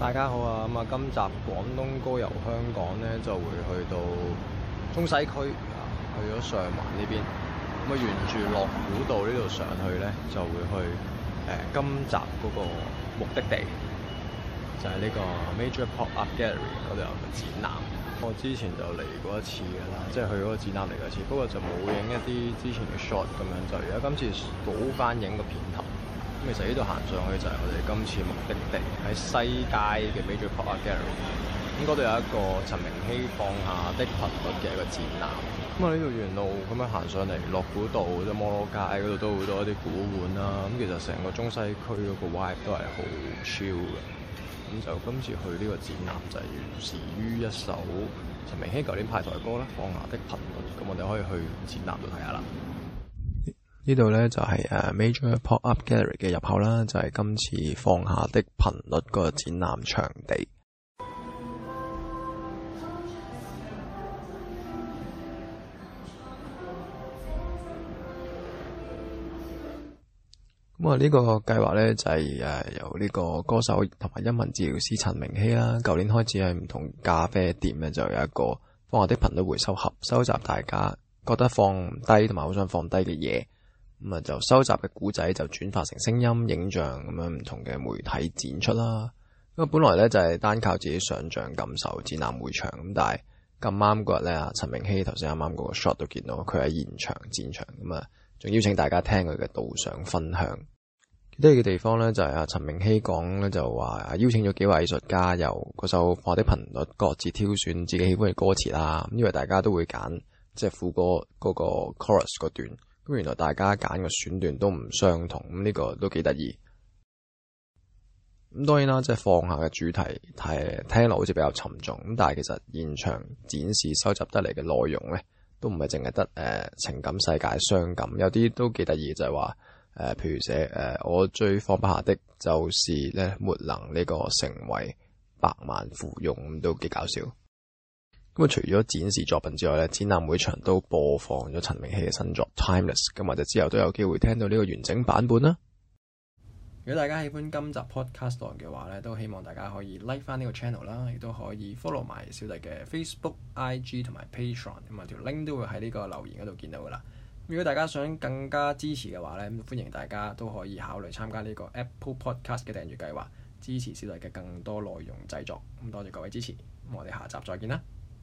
大家好啊！咁啊，今集廣東歌遊香港咧，就會去到中西區，去咗上環呢邊。咁啊，沿住樂古道呢度上去咧，就會去誒今集嗰個目的地，就係、是、呢個 Major Pop Up Gallery 嗰度有個展覽。我之前就嚟過一次㗎喇，即係去嗰個展覽嚟過一次，不過就冇影一啲之前嘅 shot 咁樣。就而家今次補返影個片頭。其實呢度行上去就係我哋今次目的地，喺西街嘅 Beyond Pop Gallery。咁嗰度有一個陳明憙《放下的頻率》嘅一個展覽。咁啊呢條沿路咁樣行上嚟，樂古道、咁摩羅街嗰度都好多一啲古玩啦。咁其實成個中西區嗰個 vibe 都係好 chill 嘅。咁就今次去呢個展覽就係源自於一首陳明憙舊年派台歌啦，《放下的頻率》。咁我哋可以去展覽度睇下啦。呢度呢就係誒 Major Pop Up Gallery 嘅入口啦，就係、是、今次放下的頻率個展覽場地。咁啊，呢 個計劃呢就係誒由呢個歌手同埋音文治療師陳明憙啦。舊年開始喺唔同咖啡店呢，就有一個放下的頻率回收盒，收集大家覺得放唔低同埋好想放低嘅嘢。咁啊，就收集嘅古仔就轉化成聲音、影像咁樣唔同嘅媒體展出啦。因為本來咧就係單靠自己想象感受展覽會場咁，但係咁啱嗰日咧啊，陳明憙頭先啱啱嗰個 shot 都見到佢喺現場展場咁啊，仲邀請大家聽佢嘅導賞分享。得意嘅地方咧就係啊，陳明憙講咧就話邀請咗幾位藝術家由嗰首《放下的頻率》各自挑選自己喜歡嘅歌詞啦，因為大家都會揀即係副歌嗰個 chorus 嗰段。原來大家揀嘅選段都唔相同，咁、這、呢個都幾得意。咁當然啦，即係放下嘅主題，誒聽落好似比較沉重。咁但係其實現場展示收集得嚟嘅內容咧，都唔係淨係得誒情感世界傷感，有啲都幾得意，就係話誒，譬、呃、如寫誒、呃、我最放不下的就是咧，沒能呢個成為百萬富翁」，咁都幾搞笑。除咗展示作品之外咧，展覽會場都播放咗陳明憙嘅新作《Timeless》，咁或者之後都有機會聽到呢個完整版本啦。如果大家喜歡今集 Podcast 嘅話咧，都希望大家可以 like 返呢個 channel 啦，亦都可以 follow 埋小弟嘅 Facebook、IG 同埋 Patreon，咁啊條 link 都會喺呢個留言嗰度見到㗎啦。如果大家想更加支持嘅話咧，咁歡迎大家都可以考慮參加呢個 Apple Podcast 嘅訂閱計劃，支持小弟嘅更多內容製作。咁多謝各位支持，我哋下集再見啦。